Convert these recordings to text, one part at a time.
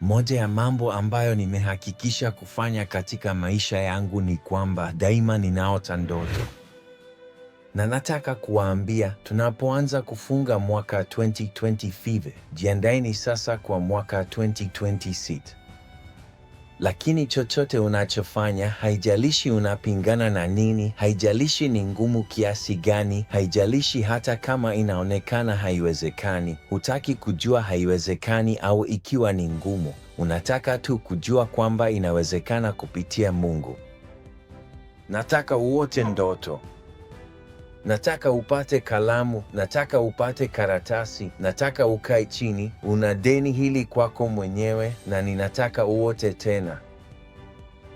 Moja ya mambo ambayo nimehakikisha kufanya katika maisha yangu ni kwamba daima ninaota ndoto. Na nataka kuwaambia tunapoanza kufunga mwaka 2025, jiandaeni sasa kwa mwaka 2026. Lakini chochote unachofanya, haijalishi unapingana na nini, haijalishi ni ngumu kiasi gani, haijalishi hata kama inaonekana haiwezekani, hutaki kujua haiwezekani au ikiwa ni ngumu, unataka tu kujua kwamba inawezekana kupitia Mungu. Nataka uote ndoto nataka upate kalamu, nataka upate karatasi, nataka ukae chini, una deni hili kwako mwenyewe, na ninataka uote tena.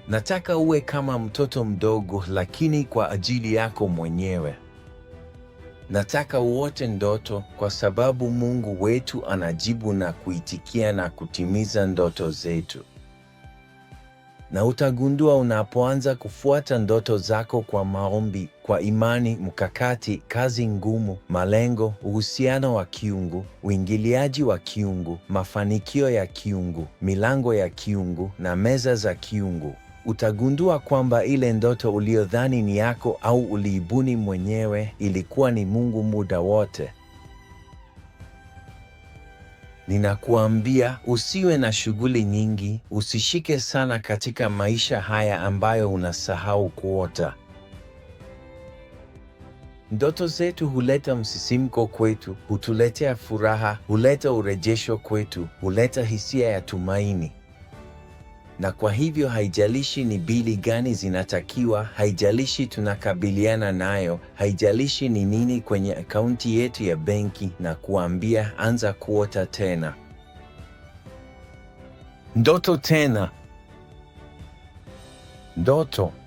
Nataka uwe kama mtoto mdogo, lakini kwa ajili yako mwenyewe. Nataka uote ndoto, kwa sababu Mungu wetu anajibu na kuitikia na kutimiza ndoto zetu na utagundua unapoanza kufuata ndoto zako kwa maombi, kwa imani, mkakati, kazi ngumu, malengo, uhusiano wa kiungu, uingiliaji wa kiungu, mafanikio ya kiungu, milango ya kiungu na meza za kiungu, utagundua kwamba ile ndoto uliyodhani ni yako au uliibuni mwenyewe ilikuwa ni Mungu muda wote. Ninakuambia usiwe na shughuli nyingi, usishike sana katika maisha haya ambayo unasahau kuota. Ndoto zetu huleta msisimko kwetu, hutuletea furaha, huleta urejesho kwetu, huleta hisia ya tumaini na kwa hivyo haijalishi ni bili gani zinatakiwa, haijalishi tunakabiliana nayo, haijalishi ni nini kwenye akaunti yetu ya benki, na kuambia anza kuota tena ndoto tena ndoto.